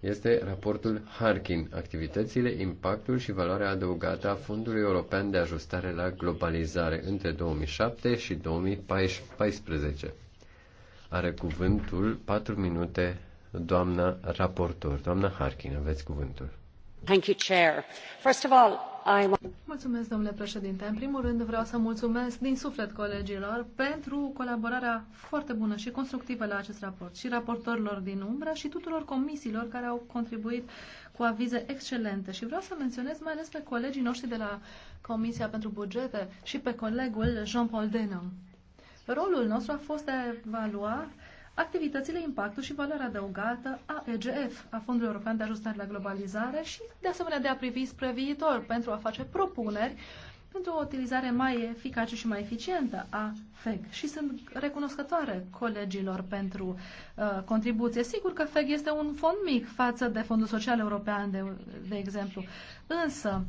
este raportul Harkin, activitățile, impactul și valoarea adăugată a Fondului European de Ajustare la Globalizare între 2007 și 2014. Are cuvântul 4 minute doamna raportor. Doamna Harkin, aveți cuvântul. Thank you, Chair. First of all, Mulțumesc, domnule președinte. În primul rând vreau să mulțumesc din suflet colegilor pentru colaborarea foarte bună și constructivă la acest raport și raportorilor din umbra și tuturor comisiilor care au contribuit cu avize excelente. Și vreau să menționez mai ales pe colegii noștri de la Comisia pentru Bugete și pe colegul Jean-Paul Denon. Rolul nostru a fost de evalua activitățile, impactul și valoarea adăugată a EGF, a Fondului European de Ajustare la Globalizare și, de asemenea, de a privi spre viitor pentru a face propuneri pentru o utilizare mai eficace și mai eficientă a FEG. Și sunt recunoscătoare colegilor pentru uh, contribuție. Sigur că FEG este un fond mic față de Fondul Social European, de, de exemplu. Însă,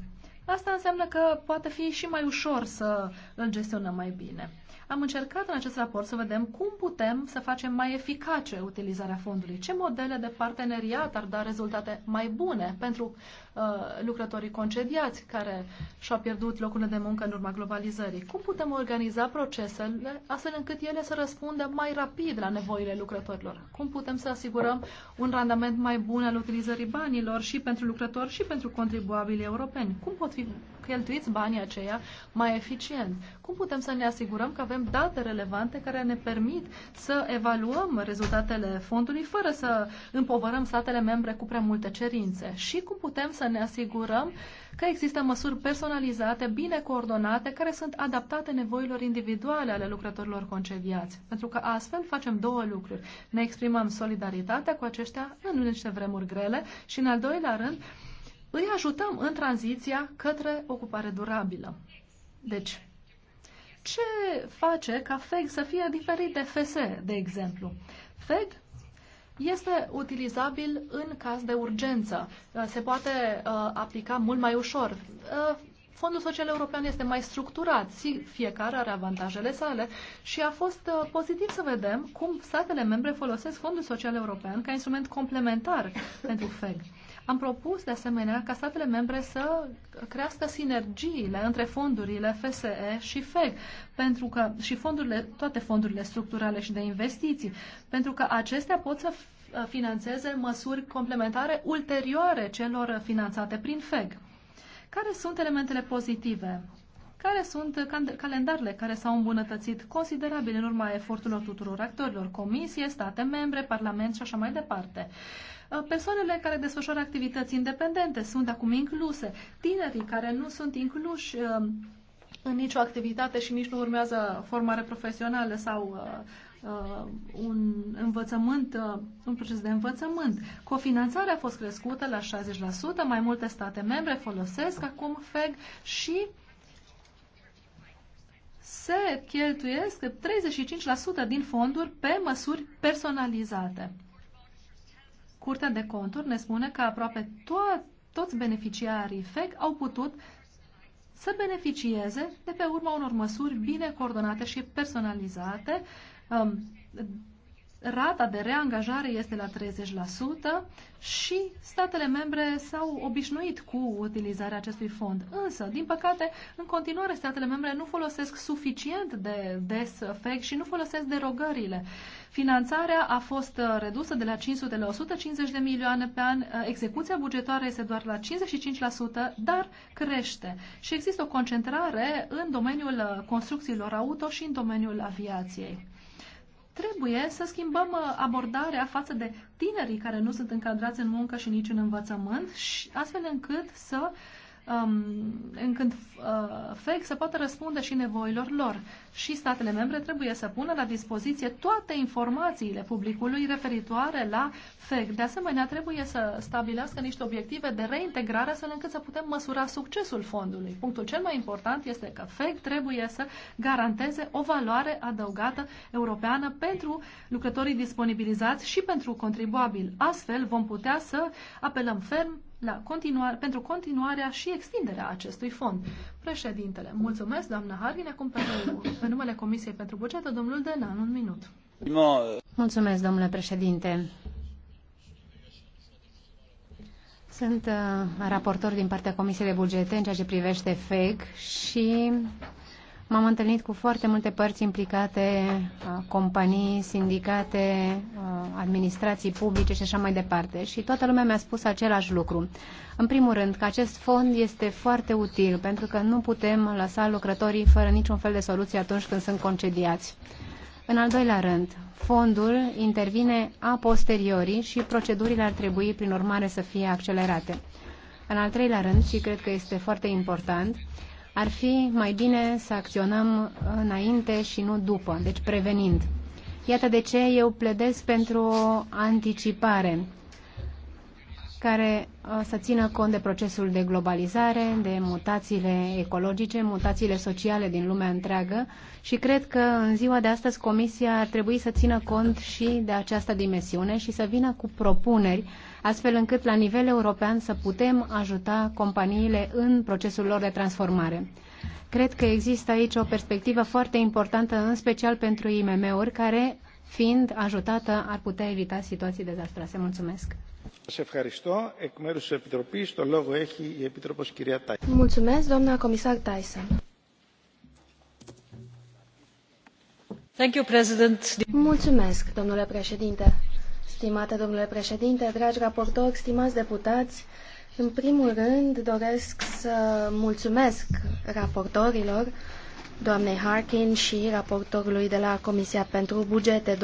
asta înseamnă că poate fi și mai ușor să îl gestionăm mai bine. Am încercat în acest raport să vedem cum putem să facem mai eficace utilizarea fondului, ce modele de parteneriat ar da rezultate mai bune pentru Uh, lucrătorii concediați care și-au pierdut locurile de muncă în urma globalizării. Cum putem organiza procesele astfel încât ele să răspundă mai rapid la nevoile lucrătorilor? Cum putem să asigurăm un randament mai bun al utilizării banilor și pentru lucrători și pentru contribuabili europeni? Cum pot fi cheltuiți banii aceia mai eficient? Cum putem să ne asigurăm că avem date relevante care ne permit să evaluăm rezultatele fondului fără să împovărăm statele membre cu prea multe cerințe? Și cum putem să ne asigurăm că există măsuri personalizate, bine coordonate, care sunt adaptate nevoilor individuale ale lucrătorilor concediați. Pentru că astfel facem două lucruri. Ne exprimăm solidaritatea cu aceștia în niște vremuri grele și, în al doilea rând, îi ajutăm în tranziția către ocupare durabilă. Deci, ce face ca FEG să fie diferit de FSE, de exemplu? FEG este utilizabil în caz de urgență. Uh, se poate uh, aplica mult mai ușor. Uh, Fondul Social European este mai structurat, fiecare are avantajele sale și a fost pozitiv să vedem cum statele membre folosesc Fondul Social European ca instrument complementar pentru FEG. Am propus, de asemenea, ca statele membre să crească sinergiile între fondurile FSE și FEG pentru că, și fondurile, toate fondurile structurale și de investiții, pentru că acestea pot să uh, financeze măsuri complementare ulterioare celor finanțate prin FEG. Care sunt elementele pozitive? Care sunt calendarele care s-au îmbunătățit considerabil în urma eforturilor tuturor actorilor, comisie, state membre, parlament și așa mai departe? Uh, persoanele care desfășoară activități independente sunt acum incluse. Tinerii care nu sunt incluși um, în nicio activitate și nici nu urmează formare profesională sau uh, uh, un învățământ, uh, un proces de învățământ. Cofinanțarea a fost crescută la 60%, mai multe state membre folosesc acum FEG și se cheltuiesc 35% din fonduri pe măsuri personalizate. Curtea de conturi ne spune că aproape to- toți beneficiarii FEC au putut să beneficieze de pe urma unor măsuri bine coordonate și personalizate, um, rata de reangajare este la 30% și statele membre s-au obișnuit cu utilizarea acestui fond. Însă, din păcate, în continuare statele membre nu folosesc suficient de des FEC și nu folosesc derogările. Finanțarea a fost redusă de la 500 la 150 de milioane pe an, execuția bugetară este doar la 55%, dar crește. Și există o concentrare în domeniul construcțiilor auto și în domeniul aviației trebuie să schimbăm uh, abordarea față de tinerii care nu sunt încadrați în muncă și nici în învățământ, și astfel încât să uh, Um, încât uh, FEC să poată răspunde și nevoilor lor. Și statele membre trebuie să pună la dispoziție toate informațiile publicului referitoare la FEC. De asemenea, trebuie să stabilească niște obiective de reintegrare astfel încât să putem măsura succesul fondului. Punctul cel mai important este că FEC trebuie să garanteze o valoare adăugată europeană pentru lucrătorii disponibilizați și pentru contribuabil. Astfel vom putea să apelăm ferm la continuare, pentru continuarea și extinderea acestui fond. Președintele, mulțumesc, doamna Hargin, acum pentru, pe numele Comisiei pentru Bugetă, domnul Denan, un minut. Mulțumesc, domnule președinte. Sunt uh, raportor din partea Comisiei de Bugete în ceea ce privește FEG și M-am întâlnit cu foarte multe părți implicate, companii, sindicate, administrații publice și așa mai departe. Și toată lumea mi-a spus același lucru. În primul rând, că acest fond este foarte util, pentru că nu putem lăsa lucrătorii fără niciun fel de soluție atunci când sunt concediați. În al doilea rând, fondul intervine a posteriori și procedurile ar trebui, prin urmare, să fie accelerate. În al treilea rând, și cred că este foarte important, ar fi mai bine să acționăm înainte și nu după, deci prevenind. Iată de ce eu pledez pentru o anticipare care uh, să țină cont de procesul de globalizare, de mutațiile ecologice, mutațiile sociale din lumea întreagă și cred că în ziua de astăzi Comisia ar trebui să țină cont și de această dimensiune și să vină cu propuneri astfel încât la nivel european să putem ajuta companiile în procesul lor de transformare. Cred că există aici o perspectivă foarte importantă, în special pentru IMM-uri, care, fiind ajutată, ar putea evita situații dezastroase. Mulțumesc! Mulțumesc, doamna comisar Tyson. Mulțumesc, domnule președinte Stimate domnule președinte, dragi raportori, stimați deputați, în primul rând doresc să mulțumesc raportorilor, doamnei Harkin și raportorului de la Comisia pentru Bugete,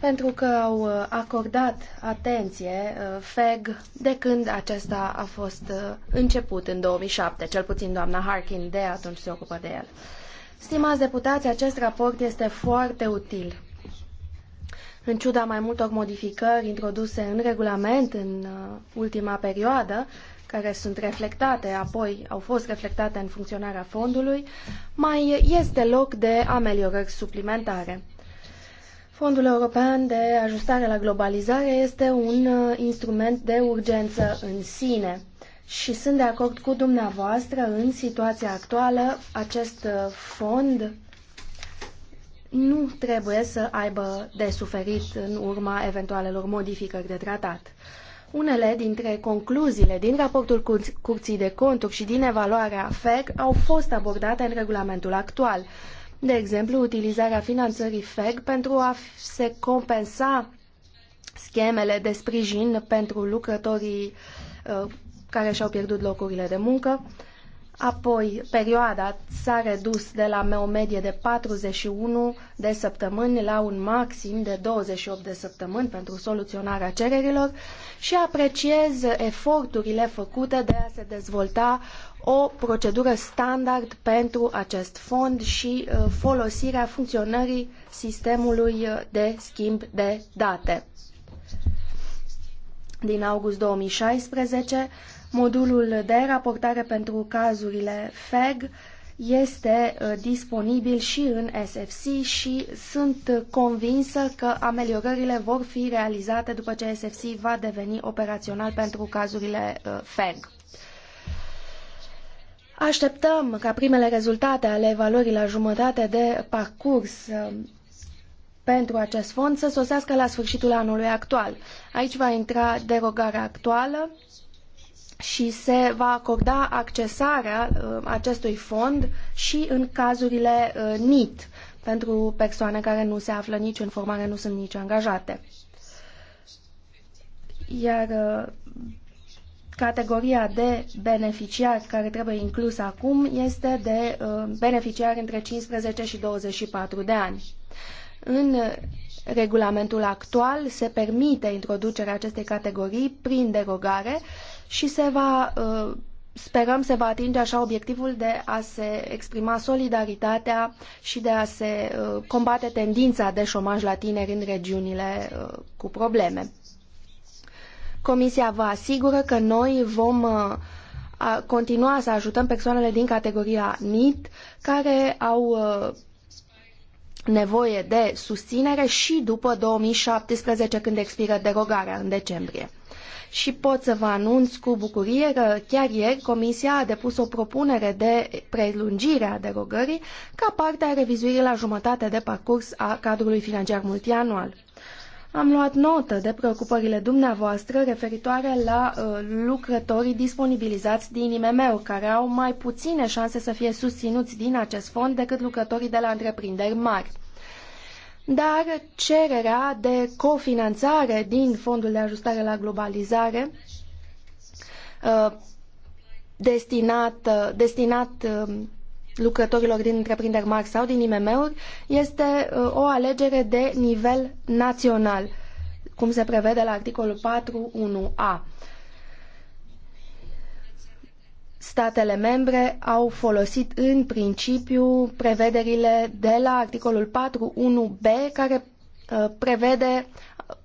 pentru că au acordat atenție uh, FEG de când acesta a fost uh, început în 2007, cel puțin doamna Harkin de atunci se ocupă de el. Stimați deputați, acest raport este foarte util. În ciuda mai multor modificări introduse în regulament în uh, ultima perioadă, care sunt reflectate, apoi au fost reflectate în funcționarea fondului, mai este loc de ameliorări suplimentare. Fondul European de Ajustare la Globalizare este un uh, instrument de urgență în sine și sunt de acord cu dumneavoastră în situația actuală acest uh, fond nu trebuie să aibă de suferit în urma eventualelor modificări de tratat. Unele dintre concluziile din raportul Cur Curții de Conturi și din evaluarea FEC au fost abordate în regulamentul actual. De exemplu, utilizarea finanțării FEG pentru a se compensa schemele de sprijin pentru lucrătorii uh, care și-au pierdut locurile de muncă, Apoi, perioada s-a redus de la o medie de 41 de săptămâni la un maxim de 28 de săptămâni pentru soluționarea cererilor și apreciez eforturile făcute de a se dezvolta o procedură standard pentru acest fond și uh, folosirea funcționării sistemului de schimb de date. Din august 2016, Modulul de raportare pentru cazurile FEG este uh, disponibil și în SFC și sunt convinsă că ameliorările vor fi realizate după ce SFC va deveni operațional pentru cazurile uh, FEG. Așteptăm ca primele rezultate ale evaluării la jumătate de parcurs uh, pentru acest fond să sosească la sfârșitul anului actual. Aici va intra derogarea actuală și se va acorda accesarea uh, acestui fond și în cazurile uh, NIT pentru persoane care nu se află nici în formare, nu sunt nici angajate. Iar uh, categoria de beneficiari care trebuie inclusă acum este de beneficiari între 15 și 24 de ani. În regulamentul actual se permite introducerea acestei categorii prin derogare și se va, uh, sperăm, se va atinge așa obiectivul de a se exprima solidaritatea și de a se uh, combate tendința de șomaj la tineri în regiunile uh, cu probleme. Comisia vă asigură că noi vom continua să ajutăm persoanele din categoria NIT care au nevoie de susținere și după 2017 când expiră derogarea în decembrie și pot să vă anunț cu bucurie că chiar ieri Comisia a depus o propunere de prelungire a derogării ca parte a revizuirii la jumătate de parcurs a cadrului financiar multianual. Am luat notă de preocupările dumneavoastră referitoare la uh, lucrătorii disponibilizați din IMM-uri, care au mai puține șanse să fie susținuți din acest fond decât lucrătorii de la întreprinderi mari dar cererea de cofinanțare din Fondul de Ajustare la Globalizare uh, destinat, uh, destinat uh, lucrătorilor din întreprinderi mari sau din IMM-uri este o alegere de nivel național, cum se prevede la articolul 4.1a statele membre au folosit în principiu prevederile de la articolul 4.1b care uh, prevede uh,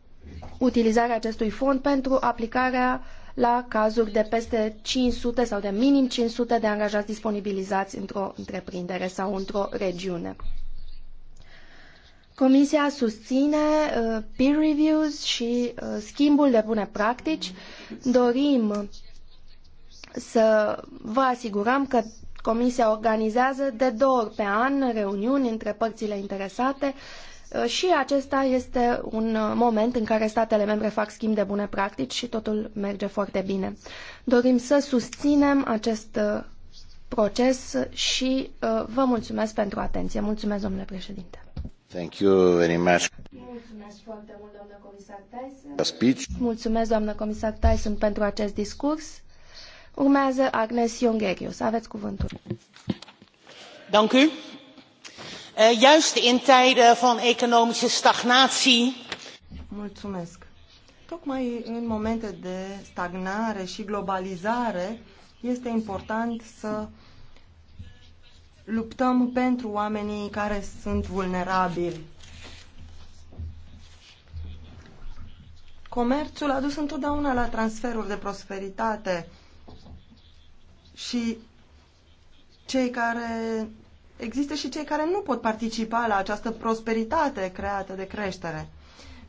utilizarea acestui fond pentru aplicarea la cazuri de peste 500 sau de minim 500 de angajați disponibilizați într-o întreprindere sau într-o regiune. Comisia susține uh, peer reviews și schimbul de bune practici. Dorim să vă asigurăm că Comisia organizează de două ori pe an reuniuni între părțile interesate uh, și acesta este un uh, moment în care statele membre fac schimb de bune practici și totul merge foarte bine. Dorim să susținem acest uh, proces și vă mulțumesc pentru atenție. Mulțumesc, domnule președinte. Thank you very much. Mulțumesc foarte mult, doamnă comisar Tyson. Mulțumesc, doamnă comisar Tyson, pentru acest discurs. Urmează Agnes Iongerius. Aveți cuvântul. Dank u. Eh, juist in tijden van economische stagnatie. Mulțumesc. Tocmai în momente de stagnare și globalizare este important să luptăm pentru oamenii care sunt vulnerabili. Comerțul a dus întotdeauna la transferuri de prosperitate și cei care există și cei care nu pot participa la această prosperitate creată de creștere.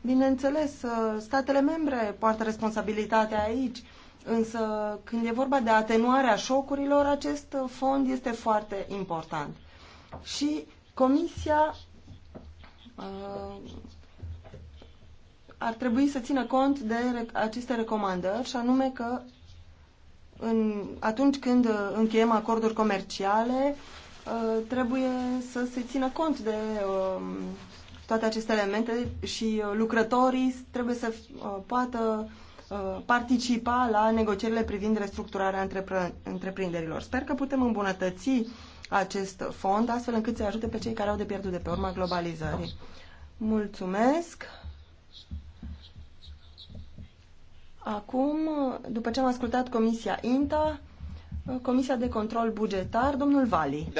Bineînțeles, uh, statele membre poartă responsabilitatea aici, însă când e vorba de atenuarea șocurilor, acest uh, fond este foarte important. Și Comisia uh, ar trebui să țină cont de aceste recomandări și anume că în, atunci când uh, încheiem acorduri comerciale, uh, trebuie să se țină cont de um, toate aceste elemente și uh, lucrătorii trebuie să poată participa la negocierile privind restructurarea întreprinderilor. Sper că putem îmbunătăți acest fond astfel încât să ajute pe cei care au de pierdut de pe urma globalizării. Mulțumesc! Acum, după ce am ascultat Comisia INTA, Comisia de Control Bugetar, domnul Vali.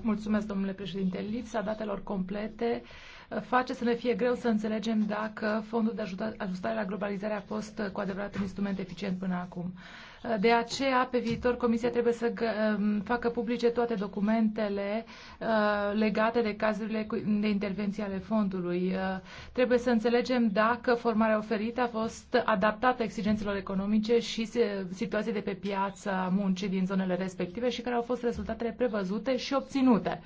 Mulțumesc, domnule președinte. Lipsa datelor complete uh, face să ne fie greu să înțelegem dacă fondul de ajustare la globalizare a fost uh, cu adevărat un instrument eficient până acum. De aceea, pe viitor, Comisia trebuie să um, facă publice toate documentele uh, legate de cazurile de intervenție ale fondului. Uh, trebuie să înțelegem dacă formarea oferită a fost adaptată exigențelor economice și situației de pe piața muncii din zonele respective și care au fost rezultatele prevăzute și obținute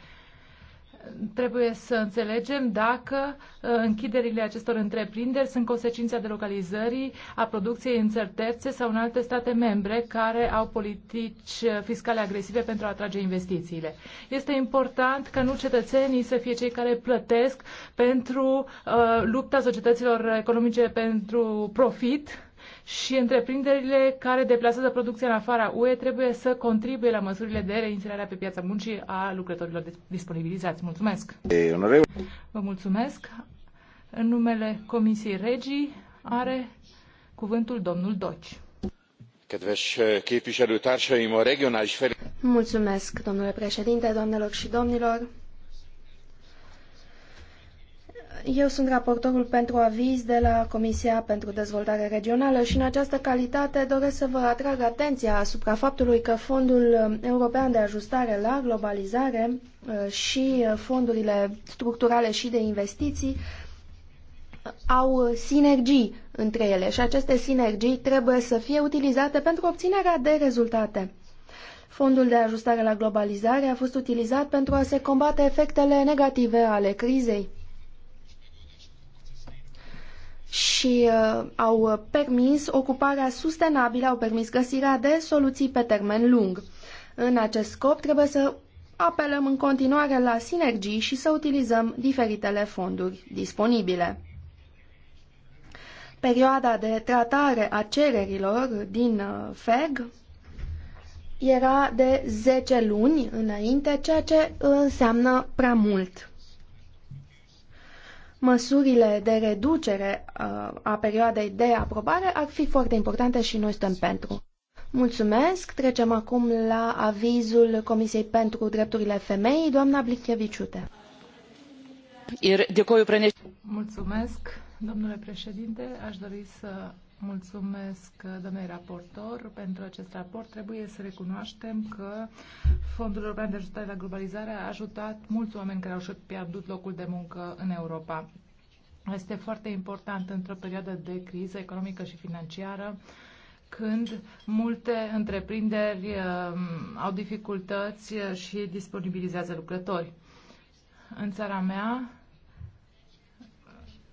trebuie să înțelegem dacă uh, închiderile acestor întreprinderi sunt consecința delocalizării a producției în țări terțe sau în alte state membre care au politici uh, fiscale agresive pentru a atrage investițiile. Este important ca nu cetățenii să fie cei care plătesc pentru uh, lupta societăților economice pentru profit, și întreprinderile care deplasează producția în afara UE trebuie să contribuie la măsurile de reinserare pe piața muncii a lucrătorilor disponibilizați. Mulțumesc! Vă mulțumesc! În numele Comisiei Regii are cuvântul domnul Doci. Eh, mulțumesc, domnule președinte, doamnelor și domnilor! Eu sunt raportorul pentru aviz de la Comisia pentru Dezvoltare Regională și în această calitate doresc să vă atrag atenția asupra faptului că Fondul European de Ajustare la Globalizare uh, și uh, fondurile structurale și de investiții au sinergii între ele și aceste sinergii trebuie să fie utilizate pentru obținerea de rezultate. Fondul de ajustare la globalizare a fost utilizat pentru a se combate efectele negative ale crizei și uh, au permis ocuparea sustenabilă, au permis găsirea de soluții pe termen lung. În acest scop trebuie să apelăm în continuare la sinergii și să utilizăm diferitele fonduri disponibile. Perioada de tratare a cererilor din uh, FEG era de 10 luni înainte, ceea ce înseamnă prea mult măsurile de reducere uh, a perioadei de aprobare ar fi foarte importante și noi suntem pentru. Mulțumesc. Trecem acum la avizul Comisiei pentru Drepturile Femeii, doamna Blincheviciute. Mulțumesc, domnule președinte. Aș dori să Mulțumesc, domnule raportor, pentru acest raport. Trebuie să recunoaștem că Fondul European de Ajutare la Globalizare a ajutat mulți oameni care au pierdut locul de muncă în Europa. Este foarte important într-o perioadă de criză economică și financiară când multe întreprinderi um, au dificultăți și disponibilizează lucrători. În țara mea,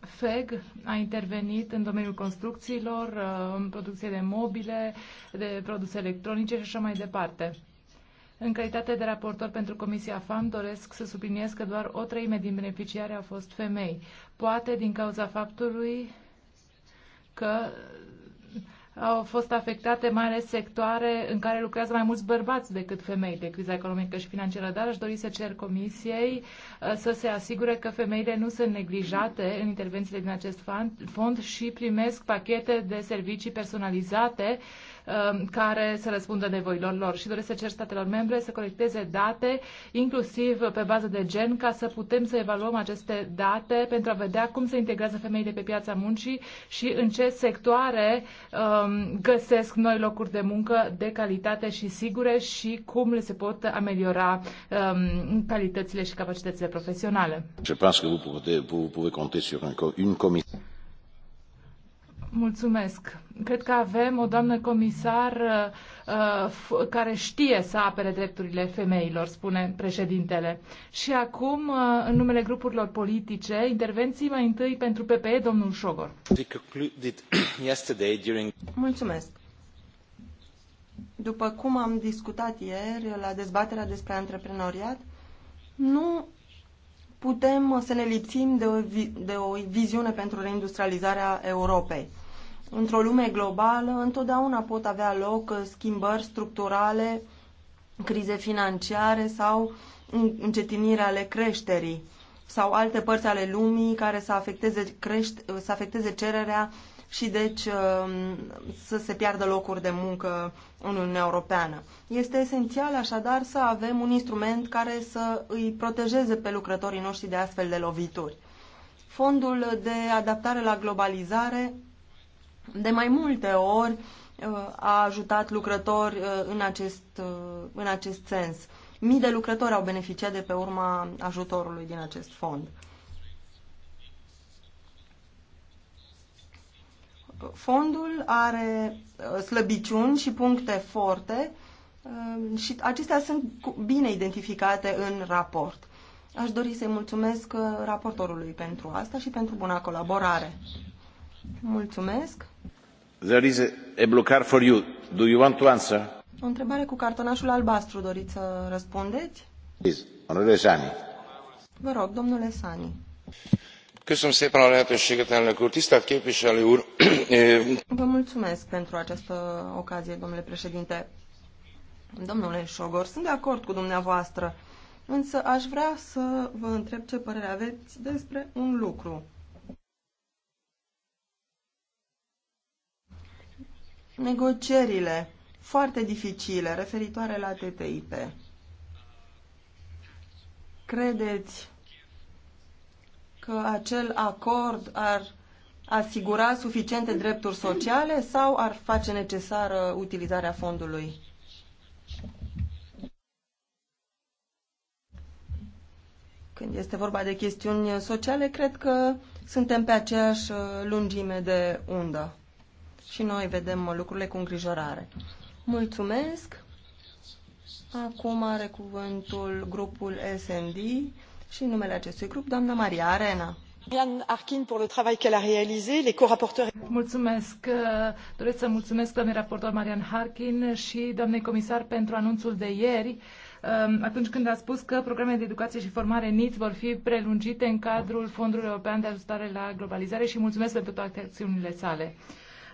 FEG a intervenit în domeniul construcțiilor, uh, în producție de mobile, de produse electronice și așa mai departe. În calitate de raportor pentru Comisia FAM, doresc să subliniez că doar o treime din beneficiari au fost femei. Poate din cauza faptului că au fost afectate mai ales sectoare în care lucrează mai mulți bărbați decât femei de criza economică și financiară, dar aș dori să cer comisiei uh, să se asigure că femeile nu sunt neglijate în intervențiile din acest fond și primesc pachete de servicii personalizate uh, Um, care să răspundă nevoilor lor și doresc să cer statelor membre să colecteze date, inclusiv pe bază de gen, ca să putem să evaluăm aceste date pentru a vedea cum se integrează femeile pe piața muncii și în ce sectoare um, găsesc noi locuri de muncă de calitate și sigure și cum le se pot ameliora um, calitățile și capacitățile profesionale. Je pense que vous pouvez, vous pouvez compter sur un, une comisie. Mulțumesc. Cred că avem o doamnă comisar uh, uh care știe să apere drepturile femeilor, spune președintele. Și acum, uh, în numele grupurilor politice, intervenții mai întâi pentru PPE, domnul Șogor. Mulțumesc. După cum am discutat ieri la dezbaterea despre antreprenoriat, nu putem să ne lipsim de o, vi- de o viziune pentru reindustrializarea Europei Într-o lume globală, întotdeauna pot avea loc uh, schimbări structurale, crize financiare sau încetinire ale creșterii sau alte părți ale lumii care să afecteze, crește, uh, să afecteze cererea și deci um, să se piardă locuri de muncă în Uniunea Europeană. Este esențial așadar să avem un instrument care să îi protejeze pe lucrătorii noștri de astfel de lovituri. Fondul de adaptare la globalizare de mai multe ori uh, a ajutat lucrători uh, în acest, uh, în acest sens. Mii de lucrători au beneficiat de pe urma ajutorului din acest fond. Fondul are slăbiciuni și puncte forte și acestea sunt bine identificate în raport. Aș dori să-i mulțumesc raportorului pentru asta și pentru buna colaborare. Mulțumesc! There is a blue card for you. Do you want to answer? O întrebare cu cartonașul albastru. Doriți să răspundeți? Please, onorele Sani. Vă rog, domnule Sani. Köszönöm szépen a lehetőséget, elnök úr. Tisztelt képviselő úr! Vă mulțumesc pentru această ocazie, domnule președinte. Domnule Șogor, sunt de acord cu dumneavoastră, însă aș vrea să vă întreb ce părere aveți despre un lucru. negocierile foarte dificile referitoare la TTIP. Credeți că acel acord ar asigura suficiente drepturi sociale sau ar face necesară utilizarea fondului? Când este vorba de chestiuni sociale, cred că suntem pe aceeași lungime de undă și noi vedem lucrurile cu îngrijorare. Mulțumesc! Acum are cuvântul grupul SND și numele acestui grup, doamna Maria Arena. Mulțumesc. Doresc să mulțumesc doamnei raportor Marian Harkin și doamnei comisar pentru anunțul de ieri um, atunci când a spus că programele de educație și formare NIT vor fi prelungite în cadrul Fondului European de Ajustare la Globalizare și mulțumesc pentru toate acțiunile sale.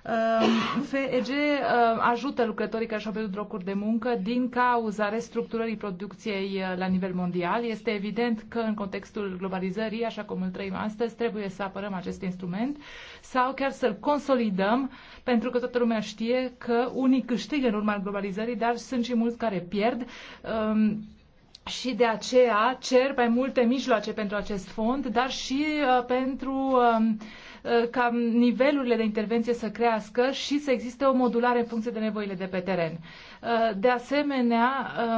Ehm, FEG ehm, ajută lucrătorii care și-au pierdut locuri de muncă din cauza restructurării producției eh, la nivel mondial. Este evident că în contextul globalizării, așa cum îl trăim astăzi, trebuie să apărăm acest instrument sau chiar să-l consolidăm, pentru că toată lumea știe că unii câștigă în urma globalizării, dar sunt și mulți care pierd ehm, și de aceea cer mai multe mijloace pentru acest fond, dar și eh, pentru uh, Uh, ca nivelurile de intervenție să crească și să existe o modulare în funcție de nevoile de pe teren. Uh, de asemenea,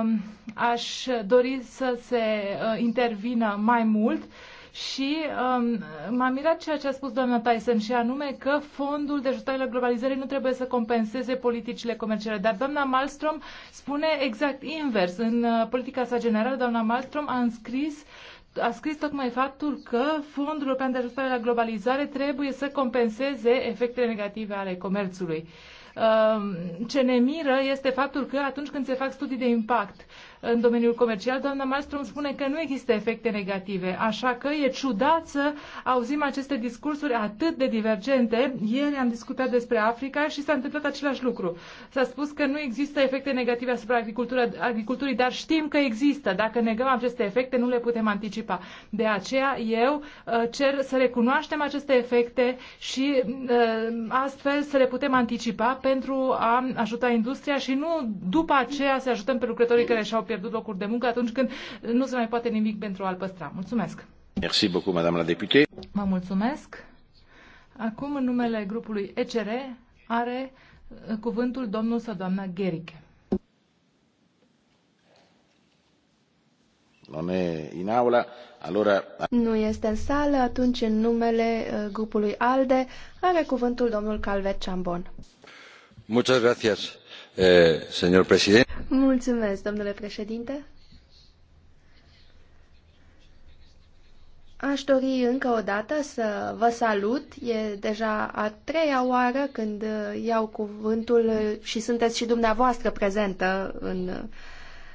um, aș dori să se uh, intervină mai mult și um, m-a mirat ceea ce a spus doamna Tyson și anume că fondul de ajutare la globalizare nu trebuie să compenseze politicile comerciale. Dar doamna Malmström spune exact invers. În uh, politica sa generală, doamna Malmström a înscris uh, a scris tocmai faptul că Fondul European de Ajustare la Globalizare trebuie să compenseze efectele negative ale comerțului. Um, ce ne miră este faptul că atunci când se fac studii de impact în domeniul comercial, doamna Malmström spune că nu există efecte negative, așa că e ciudat să auzim aceste discursuri atât de divergente. Ieri am discutat despre Africa și s-a întâmplat același lucru. S-a spus că nu există efecte negative asupra agriculturii, dar știm că există. Dacă negăm aceste efecte, nu le putem anticipa. De aceea eu uh, cer să recunoaștem aceste efecte și uh, astfel să le putem anticipa pentru a ajuta industria și nu după aceea să ajutăm pe lucrătorii care și-au pierdut locuri de muncă atunci când nu se mai poate nimic pentru a-l păstra. Mulțumesc! Merci beaucoup, madame la députée. Mă mulțumesc. Acum, în numele grupului ECR, are uh, cuvântul domnul sau doamna Gherike. Nu este în sală, atunci în numele uh, grupului ALDE are cuvântul domnul Calvet Chambon. Muchas gracias. Eh, Mulțumesc, domnule președinte. Aș dori încă o dată să vă salut. E deja a treia oară când iau cuvântul și sunteți și dumneavoastră prezentă în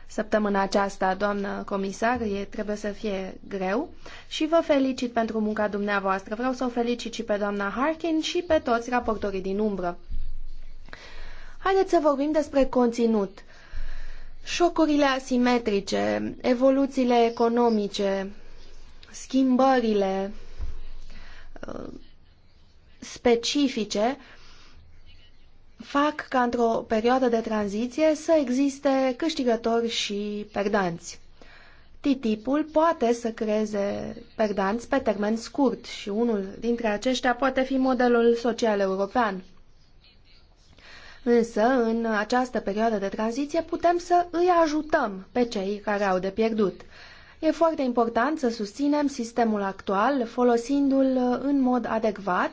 săptămâna aceasta, doamnă comisar, e, trebuie să fie greu și vă felicit pentru munca dumneavoastră. Vreau să o felicit și pe doamna Harkin și pe toți raportorii din umbră. Haideți să vorbim despre conținut. Șocurile asimetrice, evoluțiile economice, schimbările uh, specifice fac ca într-o perioadă de tranziție să existe câștigători și perdanți. TTIP-ul poate să creeze perdanți pe termen scurt și unul dintre aceștia poate fi modelul social european. Însă, în această perioadă de tranziție, putem să îi ajutăm pe cei care au de pierdut. E foarte important să susținem sistemul actual, folosindu-l în mod adecvat,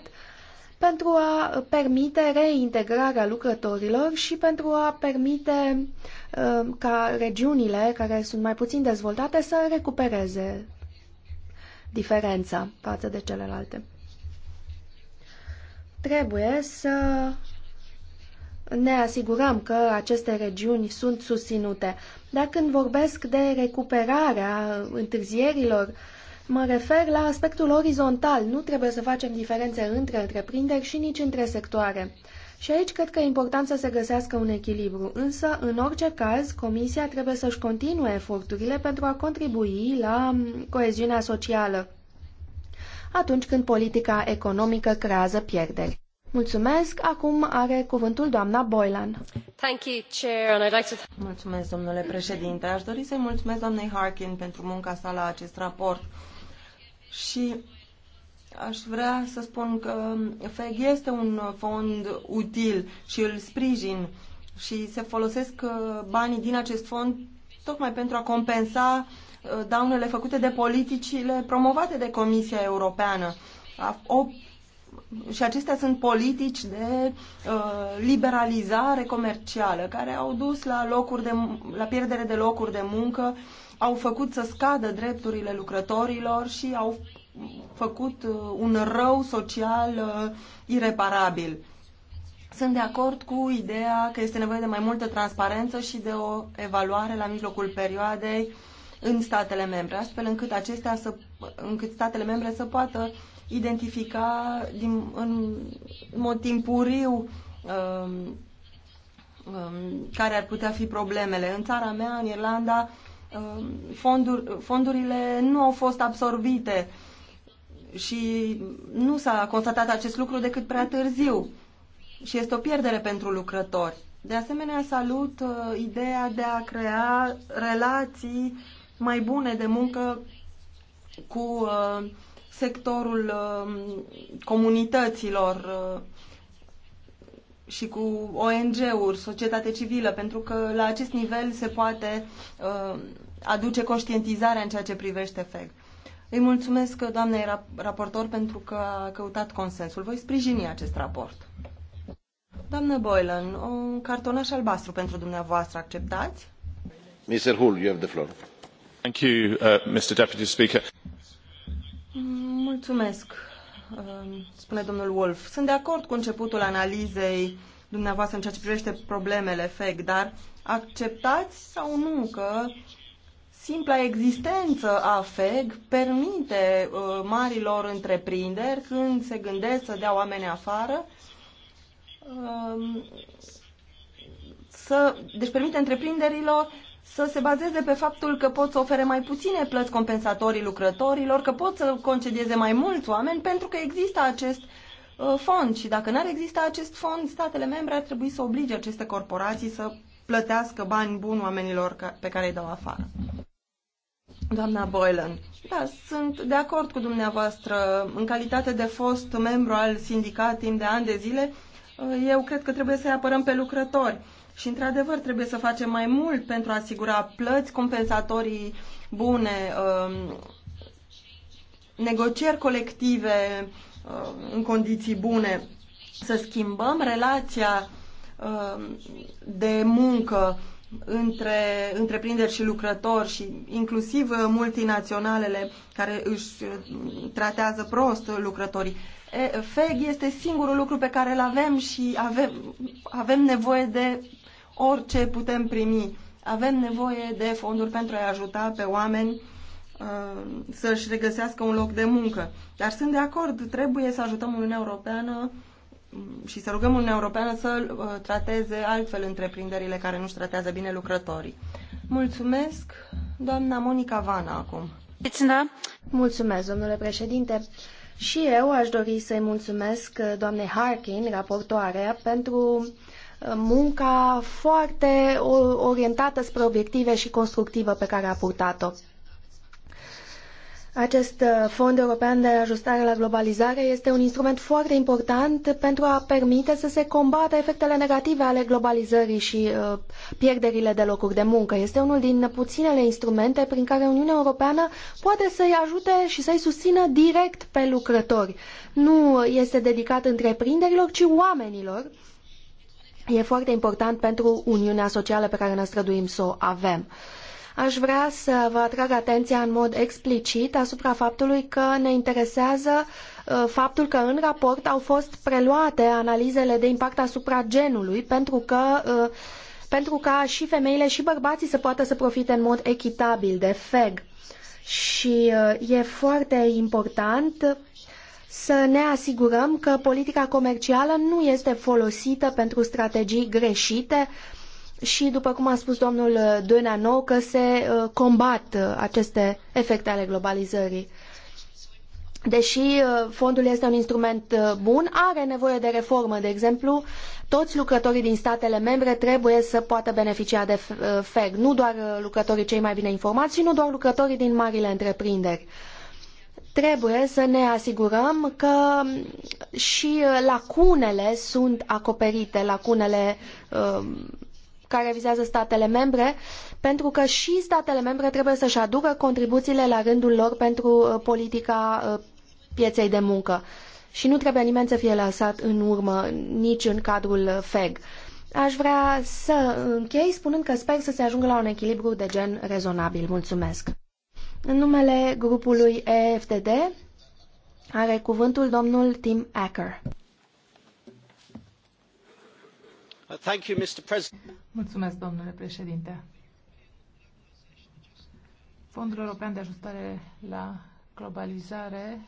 pentru a permite reintegrarea lucrătorilor și pentru a permite uh, ca regiunile care sunt mai puțin dezvoltate să recupereze diferența față de celelalte. Trebuie să ne asigurăm că aceste regiuni sunt susținute. Dar când vorbesc de recuperarea întârzierilor, mă refer la aspectul orizontal. Nu trebuie să facem diferențe între întreprinderi și nici între sectoare. Și aici cred că e important să se găsească un echilibru, însă, în orice caz, Comisia trebuie să-și continue eforturile pentru a contribui la mm, coeziunea socială atunci când politica economică creează pierderi. Mulțumesc. Acum are cuvântul doamna Boylan. Thank you, Chair, and I'd like to... Mulțumesc, domnule președinte. Aș dori să-i mulțumesc doamnei Harkin pentru munca sa la acest raport. Și aș vrea să spun că FEG este un fond util și îl sprijin și se folosesc uh, banii din acest fond tocmai pentru a compensa uh, daunele făcute de politicile promovate de Comisia Europeană și acestea sunt politici de uh, liberalizare comercială care au dus la, locuri de, la pierdere de locuri de muncă, au făcut să scadă drepturile lucrătorilor și au făcut uh, un rău social uh, ireparabil. Sunt de acord cu ideea că este nevoie de mai multă transparență și de o evaluare la mijlocul perioadei în statele membre, astfel încât acestea să, încât statele membre să poată identifica din, în mod timpuriu um, um, care ar putea fi problemele. În țara mea, în Irlanda, um, fondur, fondurile nu au fost absorbite și nu s-a constatat acest lucru decât prea târziu și este o pierdere pentru lucrători. De asemenea, salut uh, ideea de a crea relații mai bune de muncă cu uh, sectorul um, comunităților uh, și cu ONG-uri, societate civilă, pentru că la acest nivel se poate uh, aduce conștientizarea în ceea ce privește FEG. Îi mulțumesc doamnei raportor pentru că a căutat consensul. Voi sprijini acest raport. Doamnă Boylan, un cartonaș albastru pentru dumneavoastră. Acceptați? Mr. Hull, you have the floor. Thank you, uh, Mr. Deputy Speaker. Mm, Mulțumesc, um, spune domnul Wolf. Sunt de acord cu începutul analizei dumneavoastră în ceea ce privește problemele FEC, dar acceptați sau nu că simpla existență a FEG permite uh, marilor întreprinderi, când se gândesc să dea oameni afară, uh, să, deci permite întreprinderilor să se bazeze pe faptul că pot să ofere mai puține plăți compensatorii lucrătorilor, că pot să concedieze mai mulți oameni pentru că există acest uh, fond și dacă n-ar exista acest fond, statele membre ar trebui să oblige aceste corporații să plătească bani buni oamenilor pe care îi dau afară. Doamna Boylan, da, sunt de acord cu dumneavoastră. În calitate de fost membru al sindicat timp de ani de zile, uh, eu cred că trebuie să-i apărăm pe lucrători și, într-adevăr, trebuie să facem mai mult pentru a asigura plăți compensatorii bune, um, negocieri colective um, în condiții bune, să schimbăm relația um, de muncă între întreprinderi și lucrători și inclusiv uh, multinaționalele care își uh, tratează prost lucrătorii. FEG este singurul lucru pe care îl avem și avem, avem nevoie de orice putem primi. Avem nevoie de fonduri pentru a ajuta pe oameni uh, să-și regăsească un loc de muncă. Dar sunt de acord, trebuie să ajutăm Uniunea Europeană mm, și să rugăm Uniunea Europeană să uh, trateze altfel întreprinderile care nu-și tratează bine lucrătorii. Mulțumesc, doamna Monica Vana, acum. Mulțumesc, domnule președinte. Și eu aș dori să-i mulțumesc uh, doamnei Harkin, raportoarea, pentru uh, munca foarte orientată spre obiective și constructivă pe care a purtat-o. Acest uh, Fond European de Ajustare la Globalizare este un instrument foarte important pentru a permite să se combată efectele negative ale globalizării și uh, pierderile de locuri de muncă. Este unul din puținele instrumente prin care Uniunea Europeană poate să-i ajute și să-i susțină direct pe lucrători. Nu este dedicat întreprinderilor, ci oamenilor e foarte important pentru Uniunea Socială pe care ne străduim să o avem. Aș vrea să vă atrag atenția în mod explicit asupra faptului că ne interesează uh, faptul că în raport au fost preluate analizele de impact asupra genului pentru că uh, pentru ca și femeile și bărbații să poată să profite în mod echitabil de FEG. Și uh, e foarte important să ne asigurăm că politica comercială nu este folosită pentru strategii greșite și, după cum a spus domnul Dönano, că se uh, combat uh, aceste efecte ale globalizării. Deși uh, fondul este un instrument bun, are nevoie de reformă. De exemplu, toți lucrătorii din statele membre trebuie să poată beneficia de FEG, nu doar lucrătorii cei mai bine informați și nu doar lucrătorii din marile întreprinderi. Trebuie să ne asigurăm că și lacunele sunt acoperite, lacunele um, care vizează statele membre, pentru că și statele membre trebuie să-și aducă contribuțiile la rândul lor pentru uh, politica uh, pieței de muncă. Și nu trebuie nimeni să fie lăsat în urmă, nici în cadrul FEG. Aș vrea să închei spunând că sper să se ajungă la un echilibru de gen rezonabil. Mulțumesc! În numele grupului EFTD are cuvântul domnul Tim Acker. Mulțumesc, domnule președinte. Fondul European de Ajustare la Globalizare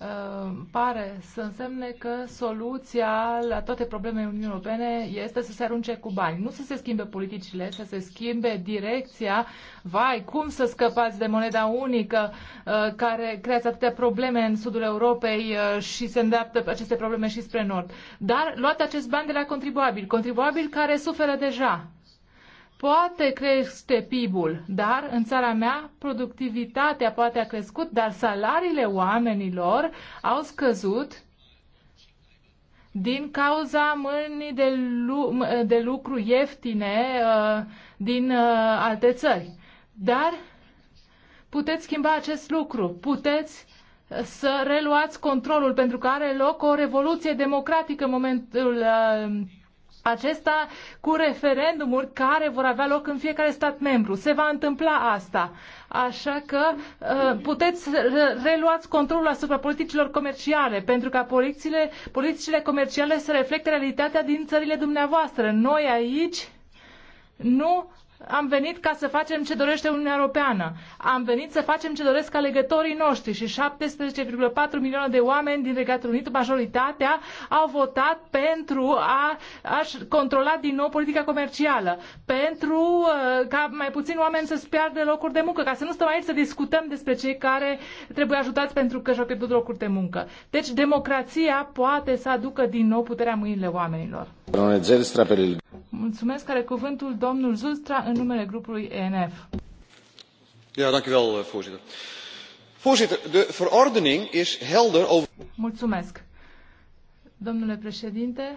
Uh, pare să însemne că soluția la toate problemele Uniunii Europene este să se arunce cu bani. Nu să se schimbe politicile, să se schimbe direcția. Vai, cum să scăpați de moneda unică uh, care creează atâtea probleme în sudul Europei uh, și se îndreaptă aceste probleme și spre nord. Dar luați acest bani de la contribuabil, contribuabil care suferă deja Poate crește PIB-ul, dar în țara mea productivitatea poate a crescut, dar salariile oamenilor au scăzut din cauza mâinii de, lu- de lucru ieftine uh, din uh, alte țări. Dar puteți schimba acest lucru, puteți uh, să reluați controlul, pentru că are loc o revoluție democratică în momentul uh, acesta cu referendumuri care vor avea loc în fiecare stat membru. Se va întâmpla asta. Așa că uh, puteți reluați controlul asupra politicilor comerciale, pentru ca politicile, politicile comerciale să reflecte realitatea din țările dumneavoastră. Noi aici nu am venit ca să facem ce dorește Uniunea Europeană. Am venit să facem ce doresc alegătorii noștri și 17,4 milioane de oameni din Regatul Unit, majoritatea, au votat pentru a, a controla din nou politica comercială, pentru uh, ca mai puțini oameni să-ți piardă locuri de muncă, ca să nu stăm aici să discutăm despre cei care trebuie ajutați pentru că și-au pierdut locuri de muncă. Deci democrația poate să aducă din nou puterea mâinile oamenilor. Domnule Zelstra, pe Mulțumesc, care cuvântul domnul Zulstra în numele grupului ENF. Ja, dank u wel, eh, voorzitter. Voorzitter, de verordening is helder over... Mulțumesc. Domnule președinte,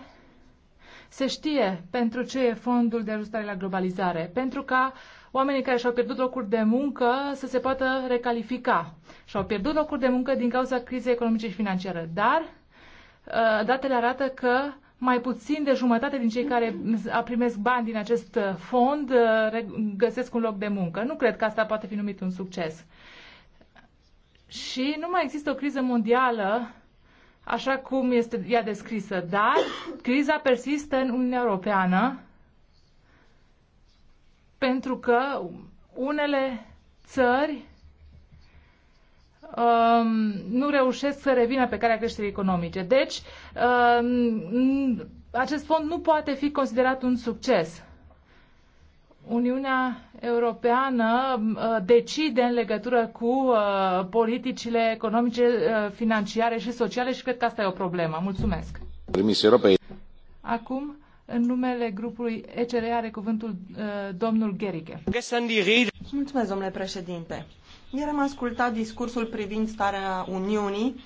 se știe pentru ce e fondul de ajustare la globalizare, pentru ca oamenii care și-au pierdut locuri de muncă să se poată recalifica. Și-au pierdut locuri de muncă din cauza crizei economice și financiare, dar eh, datele arată că mai puțin de jumătate din cei care primesc bani din acest uh, fond uh, găsesc un loc de muncă. Nu cred că asta poate fi numit un succes. Și nu mai există o criză mondială așa cum este ea descrisă, dar criza persistă în Uniunea Europeană pentru că unele țări Um, nu reușesc să revină pe calea creșterii economice. Deci, um, acest fond nu poate fi considerat un succes. Uniunea Europeană uh, decide în legătură cu uh, politicile economice, uh, financiare și sociale și cred că asta e o problemă. Mulțumesc. Acum, în numele grupului ECR are cuvântul domnul Gericke. Mulțumesc, domnule președinte. Ieri am ascultat discursul privind starea Uniunii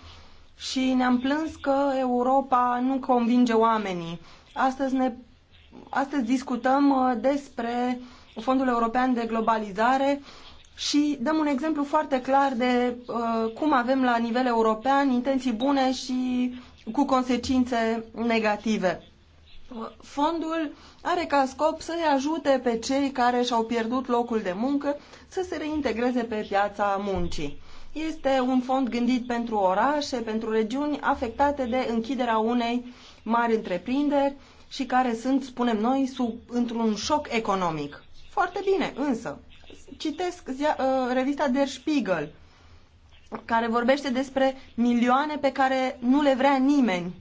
și ne-am plâns că Europa nu convinge oamenii. Astăzi, ne, astăzi discutăm uh, despre Fondul European de Globalizare și dăm un exemplu foarte clar de uh, cum avem la nivel european intenții bune și cu consecințe negative. Fondul are ca scop să le ajute pe cei care și-au pierdut locul de muncă să se reintegreze pe piața muncii. Este un fond gândit pentru orașe, pentru regiuni afectate de închiderea unei mari întreprinderi și care sunt, spunem noi, sub, într-un șoc economic. Foarte bine, însă, citesc zia, uh, revista Der Spiegel, care vorbește despre milioane pe care nu le vrea nimeni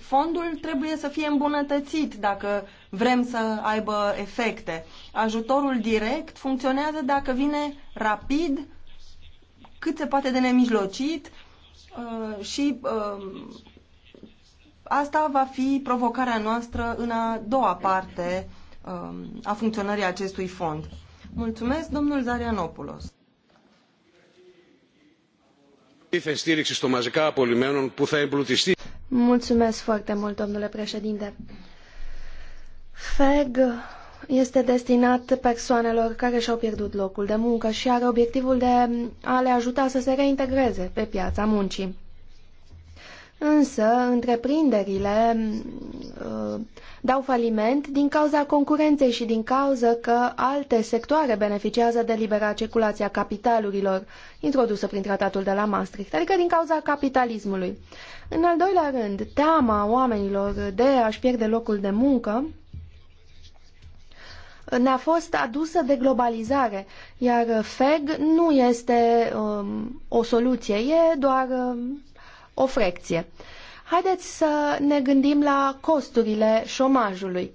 fondul trebuie să fie îmbunătățit dacă vrem să aibă efecte. Ajutorul direct funcționează dacă vine rapid, cât se poate de nemijlocit uh, și uh, asta va fi provocarea noastră în a doua parte uh, a funcționării acestui fond. Mulțumesc, domnul Zarianopoulos. ήρθε στήριξη των μαζικά απολυμμένων που θα εμπλουτιστεί. Mulțumesc foarte mult, domnule președinte. FEG este destinat persoanelor care și-au pierdut locul de muncă și are obiectivul de a le ajuta să se reintegreze pe piața muncii. Însă, întreprinderile uh, dau faliment din cauza concurenței și din cauza că alte sectoare beneficiază de libera circulație a capitalurilor introdusă prin tratatul de la Maastricht, adică din cauza capitalismului. În al doilea rând, teama oamenilor de a-și pierde locul de muncă ne-a fost adusă de globalizare, iar FEG nu este um, o soluție, e doar um, o frecție. Haideți să ne gândim la costurile șomajului.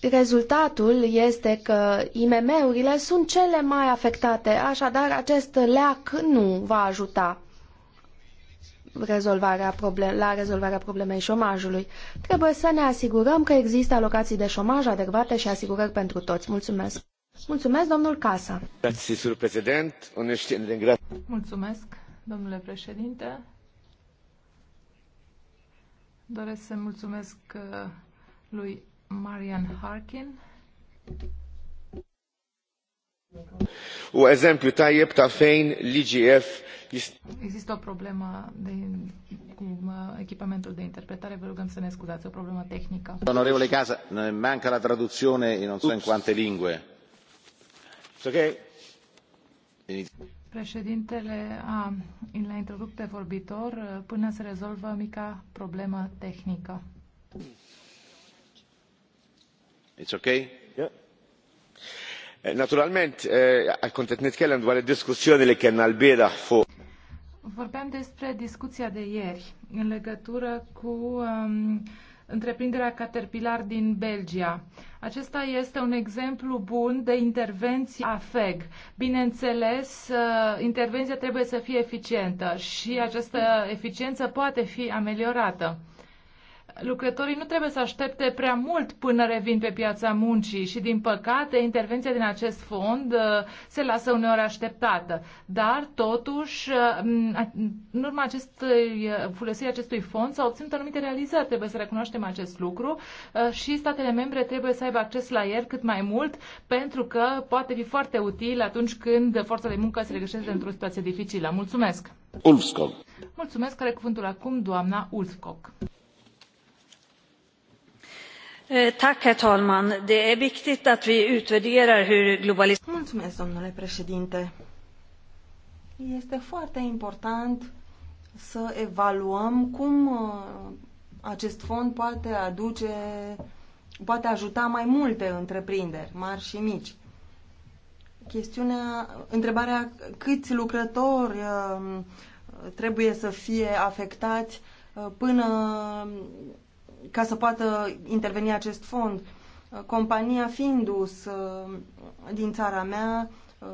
Rezultatul este că IMM-urile sunt cele mai afectate, așadar acest leac nu va ajuta rezolvarea problem la rezolvarea problemei șomajului. Trebuie să ne asigurăm că există alocații de șomaj adecvate și asigurări pentru toți. Mulțumesc! Mulțumesc, domnul Casa! Mulțumesc, domnule președinte! Doresc să mulțumesc uh, lui Marian Harkin U eżempju ta' Există o problemă de, cu uh, echipamentul de interpretare, vă rugăm să ne scuzați, o problemă tehnică. Onorevole Casa, manca la traduzione in non so in quante lingue. Okay. Președintele a l-a întrerupt pe vorbitor uh, până se rezolvă mica problemă tehnică. It's okay? Eh, Naturalmente, eh, kont qed dwar id-diskussjoni li kellna l-bieraħ fuq Vorbeam despre discuția de ieri în legătură cu um, întreprinderea Caterpillar din Belgia. Acesta este un exemplu bun de intervenție a FEG. Bineînțeles, uh, intervenția trebuie să fie eficientă și această eficiență poate fi ameliorată lucrătorii nu trebuie să aștepte prea mult până revin pe piața muncii și, din păcate, intervenția din acest fond uh, se lasă uneori așteptată. Dar, totuși, uh, în urma acestui, uh, folosirii acestui fond s-au obținut anumite realizări. Trebuie să recunoaștem acest lucru și statele membre trebuie să aibă acces la el cât mai mult pentru că poate fi foarte util atunci când forța de muncă se regăsește într-o situație dificilă. Mulțumesc! Ulfskog. Mulțumesc, care cuvântul acum doamna Ulfcock. Eh, herr talman! Det är viktigt att vi utvärderar hur globaliseringen... domnule președinte. Este foarte important să evaluăm cum eh, acest fond poate aduce, poate ajuta mai multe întreprinderi, mari și mici. Chestiunea, întrebarea câți lucrători eh, trebuie să fie afectați până ca să poată interveni acest fond. Compania Findus uh, din țara mea uh,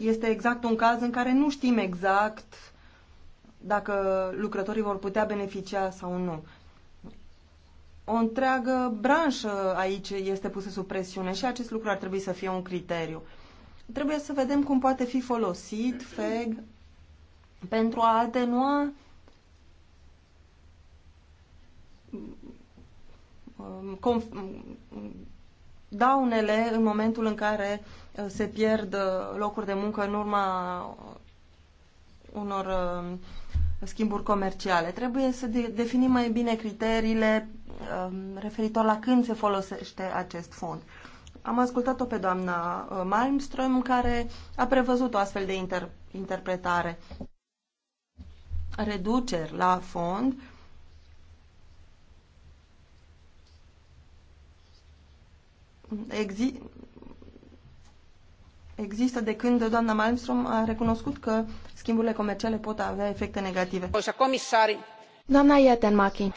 este exact un caz în care nu știm exact dacă lucrătorii vor putea beneficia sau nu. O întreagă branșă aici este pusă sub presiune și acest lucru ar trebui să fie un criteriu. Trebuie să vedem cum poate fi folosit FEG pentru a atenua Um, um, daunele în momentul în care uh, se pierd uh, locuri de muncă în urma unor um, schimburi comerciale. Trebuie să definim mai bine criteriile referitor la când se folosește acest fond. Am ascultat-o pe doamna uh, Malmström, care a prevăzut o astfel de inter interpretare. Reduceri la fond exi există de când doamna Malmström a recunoscut că schimburile comerciale pot avea efecte negative. Doamna Iatenmachi.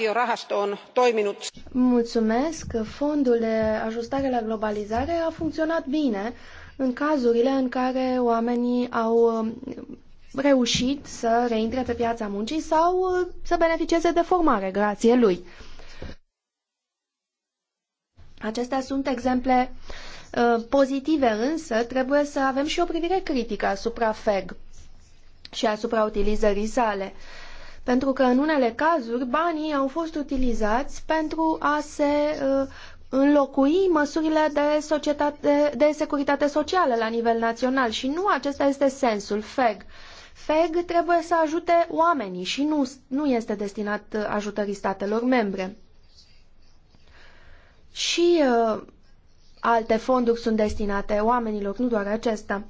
Mulțumesc. Fondul de ajustare la globalizare a funcționat bine în cazurile în care oamenii au um, reușit să reintre pe piața muncii sau uh, să beneficieze de formare grație lui. Acestea sunt exemple uh, pozitive, însă trebuie să avem și o privire critică asupra FEG și asupra utilizării sale. Pentru că în unele cazuri banii au fost utilizați pentru a se uh, înlocui măsurile de, societate, de securitate socială la nivel național și nu acesta este sensul FEG. FEG trebuie să ajute oamenii și nu, nu este destinat uh, ajutării statelor membre și uh, alte fonduri sunt destinate oamenilor, nu doar acesta.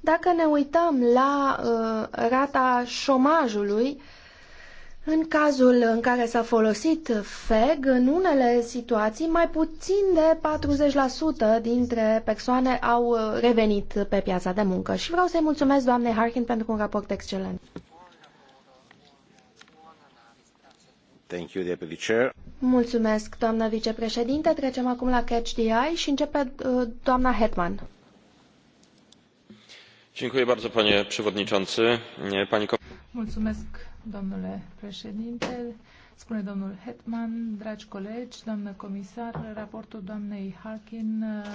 Dacă ne uităm la uh, rata șomajului, în cazul în care s-a folosit FEG, în unele situații, mai puțin de 40% dintre persoane au uh, revenit pe piața de muncă. Și vreau să-i mulțumesc doamnei Harkin pentru un raport excelent. Thank you, Deputy Chair. Mulțumesc, doamna vicepreședinte. Trecem acum la Catch the Eye și începe uh, doamna Hetman. Dziękuję bardzo, panie przewodniczący. Pani... Mulțumesc, domnule președinte. Spune domnul Hetman, dragi colegi, doamnă comisar, raportul doamnei Harkin uh,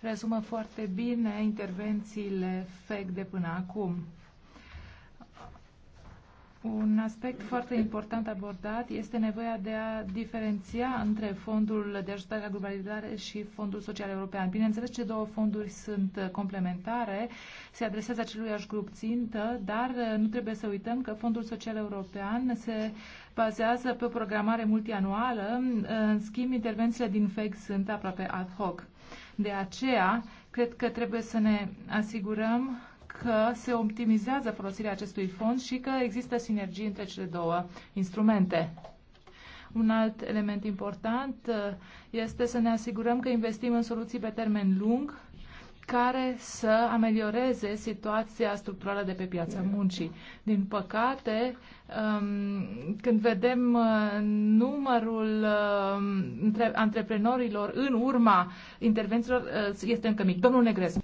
rezumă foarte bine intervențiile FEC de până acum. Un aspect foarte important abordat este nevoia de a diferenția între fondul de ajutare la globalizare și fondul social european. Bineînțeles, ce două fonduri sunt complementare, se adresează aceluiași grup țintă, dar nu trebuie să uităm că fondul social european se bazează pe o programare multianuală, în schimb, intervențiile din FEG sunt aproape ad hoc. De aceea, cred că trebuie să ne asigurăm că se optimizează folosirea acestui fond și că există sinergii între cele două instrumente. Un alt element important uh, este să ne asigurăm că investim în soluții pe termen lung care să amelioreze situația structurală de pe piața muncii. Din păcate, um, când vedem uh, numărul uh, antreprenorilor în urma intervențiilor, este încă mic. Domnul Negrescu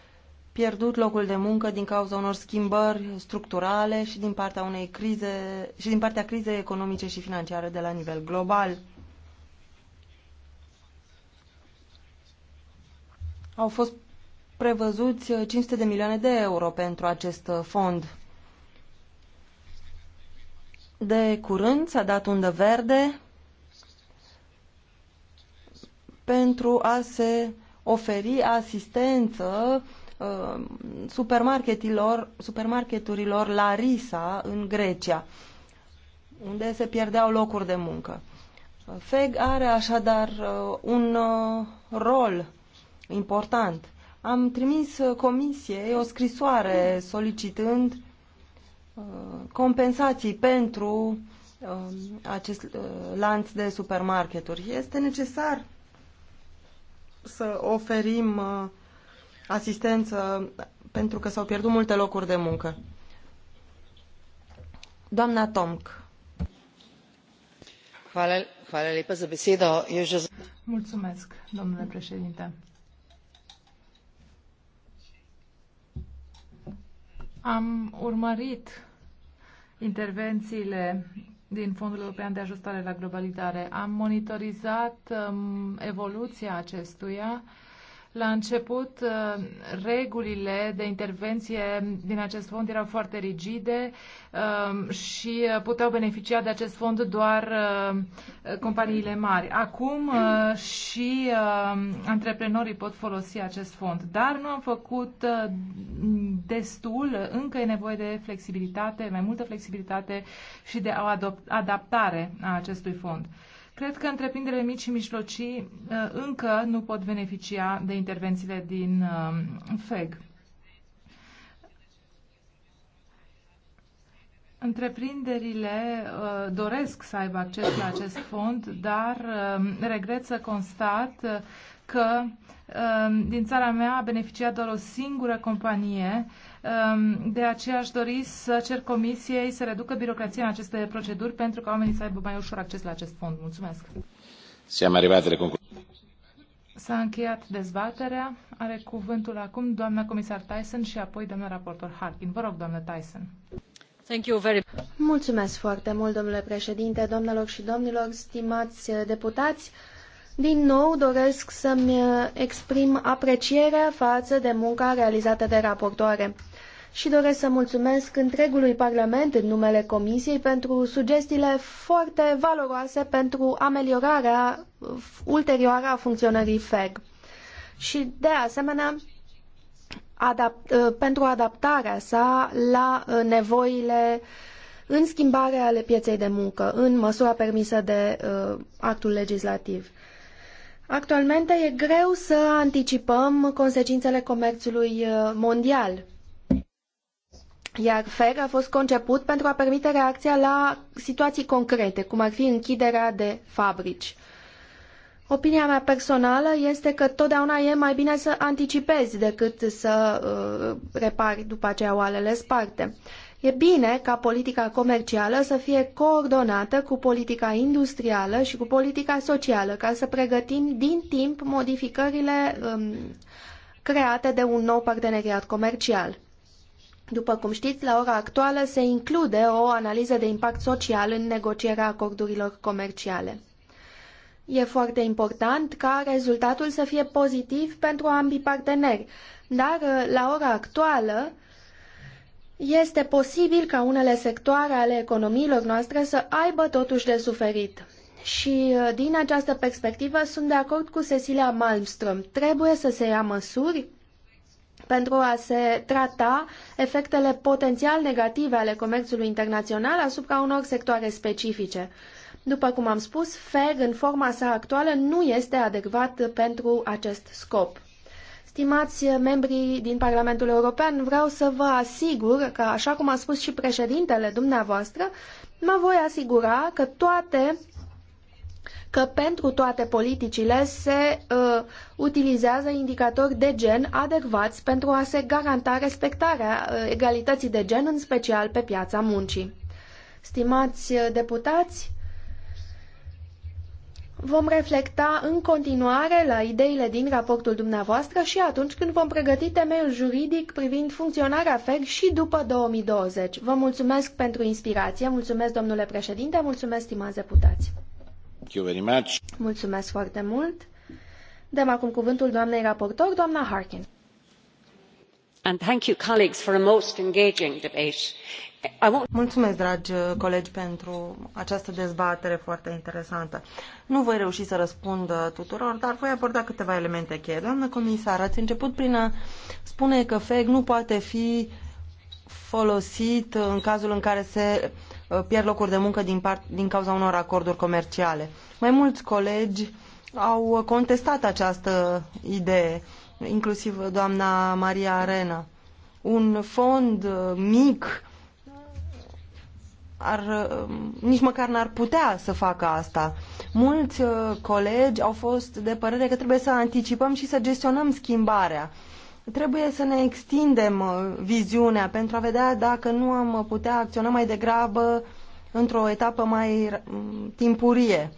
pierdut locul de muncă din cauza unor schimbări structurale și din partea unei crize și din partea crizei economice și financiare de la nivel global. Au fost prevăzuți 500 de milioane de euro pentru acest fond. De curând s-a dat undă verde pentru a se oferi asistență Uh, supermarketilor, supermarketurilor la Risa, în Grecia, unde se pierdeau locuri de muncă. FEG are așadar uh, un uh, rol important. Am trimis comisiei o scrisoare solicitând compensații pentru acest lanț de supermarketuri. Este necesar să oferim asistență pentru că s-au pierdut multe locuri de muncă. Doamna Tomc. Mulțumesc, domnule președinte. Am urmărit intervențiile din Fondul European de Ajustare la Globalizare. Am monitorizat um, evoluția acestuia la început, uh, regulile de intervenție din acest fond erau foarte rigide um, și uh, puteau beneficia de acest fond doar uh, companiile mari. Acum și antreprenorii pot folosi acest fond, dar nu am făcut destul, încă e nevoie de flexibilitate, mai multă flexibilitate și de o adaptare a acestui fond. Cred că întreprinderile mici și mijlocii uh, încă nu pot beneficia de intervențiile din uh, FEG. Întreprinderile uh, doresc să aibă acces la acest fond, dar regret să constat că um, din țara mea a beneficiat doar o singură companie. Um, de aceea aș dori să cer comisiei să reducă birocrația în aceste proceduri pentru ca oamenii să aibă mai ușor acces la acest fond. Mulțumesc! S-a încheiat dezbaterea. Are cuvântul acum doamna comisar Tyson și apoi doamna raportor Harkin. Vă rog, doamna Tyson. Thank you very Mulțumesc foarte mult, domnule președinte, domnilor și domnilor, stimați deputați. Din nou doresc să-mi uh, exprim aprecierea față de munca realizată de raportoare și doresc să mulțumesc întregului Parlament în numele Comisiei pentru sugestiile foarte valoroase pentru ameliorarea uh, ulterioară a funcționării FEG. Și de asemenea, adapt, uh, pentru adaptarea sa la nevoile în schimbare ale pieței de muncă, în măsura permisă de uh, actul legislativ. Actualmente e greu să anticipăm consecințele comerțului uh, mondial. Iar FER a fost conceput pentru a permite reacția la situații concrete, cum ar fi închiderea de fabrici. Opinia mea personală este că totdeauna e mai bine să anticipezi decât să uh, repari după aceea oalele sparte. Uh, E bine ca politica comercială să fie coordonată cu politica industrială și cu politica socială, ca să pregătim din timp modificările um, create de un nou parteneriat comercial. După cum știți, la ora actuală se include o analiză de impact social în negocierea acordurilor comerciale. E foarte important ca rezultatul să fie pozitiv pentru ambii parteneri, dar uh, la ora actuală este posibil ca unele sectoare ale economiilor noastre să aibă totuși de suferit. Și uh, din această perspectivă sunt de acord cu Cecilia Malmström. Trebuie să se ia măsuri pentru a se trata efectele potențial negative ale comerțului internațional asupra unor sectoare specifice. După cum am spus, FEG în forma sa actuală nu este adecvat pentru acest scop. Stimați membrii din Parlamentul European, vreau să vă asigur că, așa cum a spus și președintele dumneavoastră, mă voi asigura că toate că pentru toate politicile se uh, utilizează indicatori de gen adecvați pentru a se garanta respectarea uh, egalității de gen, în special pe piața muncii. Stimați uh, deputați, Vom reflecta în continuare la ideile din raportul dumneavoastră și atunci când vom pregăti temeiul juridic privind funcționarea FEG și după 2020. Vă mulțumesc pentru inspirație, mulțumesc domnule președinte, mulțumesc stimați deputați. Mulțumesc foarte mult. Dăm acum cuvântul doamnei raportor, doamna Harkin. Mulțumesc, dragi uh, colegi, pentru această dezbatere foarte interesantă. Nu voi reuși să răspund uh, tuturor, dar voi aborda câteva elemente cheie. Doamnă comisar, ați început prin a spune că FEG nu poate fi folosit uh, în cazul în care se pierd locuri de muncă din, part, din cauza unor acorduri comerciale. Mai mulți colegi au contestat această idee inclusiv doamna Maria Arena. Un fond uh, mic ar, uh, nici măcar n-ar putea să facă asta. Mulți uh, colegi au fost de părere că trebuie să anticipăm și să gestionăm schimbarea. Trebuie să ne extindem viziunea pentru a vedea dacă nu am putea acționa mai degrabă într-o etapă mai mm, timpurie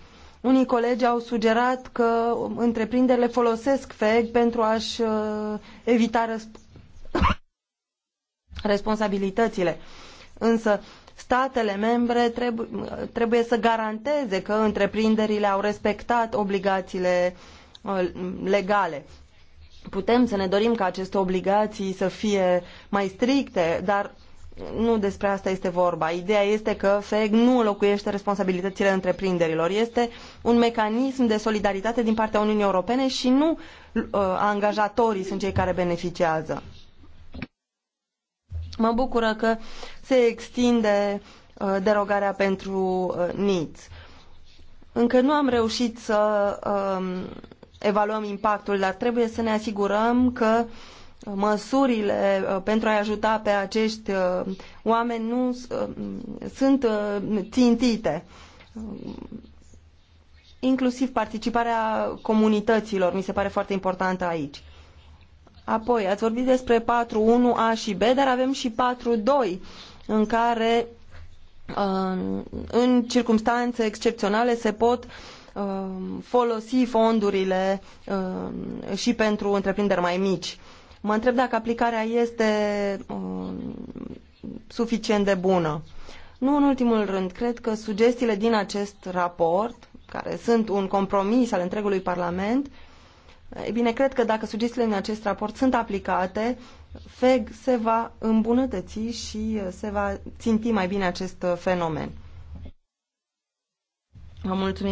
unii colegi au sugerat că întreprinderile folosesc FEG pentru a-și uh, evita responsabilitățile. Însă statele membre trebuie, trebuie să garanteze că întreprinderile au respectat obligațiile uh, legale. Putem să ne dorim ca aceste obligații să fie mai stricte, dar nu despre asta este vorba. Ideea este că FEG nu locuiește responsabilitățile întreprinderilor. Este un mecanism de solidaritate din partea Uniunii Europene și nu uh, angajatorii sunt cei care beneficiază. Mă bucură că se extinde uh, derogarea pentru uh, NITS. Încă nu am reușit să uh, evaluăm impactul, dar trebuie să ne asigurăm că uh, măsurile uh, pentru a ajuta pe acești uh, oameni nu uh, sunt țintite. Inclusiv participarea comunităților mi se pare foarte importantă aici. Apoi, ați vorbit despre 4.1a și B, dar avem și 4.2, în care în circunstanțe excepționale se pot folosi fondurile și pentru întreprinderi mai mici Mă întreb dacă aplicarea este uh, suficient de bună. Nu în ultimul rând, cred că sugestiile din acest raport, care sunt un compromis al întregului Parlament, e bine, cred că dacă sugestiile din acest raport sunt aplicate, FEG se va îmbunătăți și uh, se va ținti mai bine acest uh, fenomen. Vă mulțumim.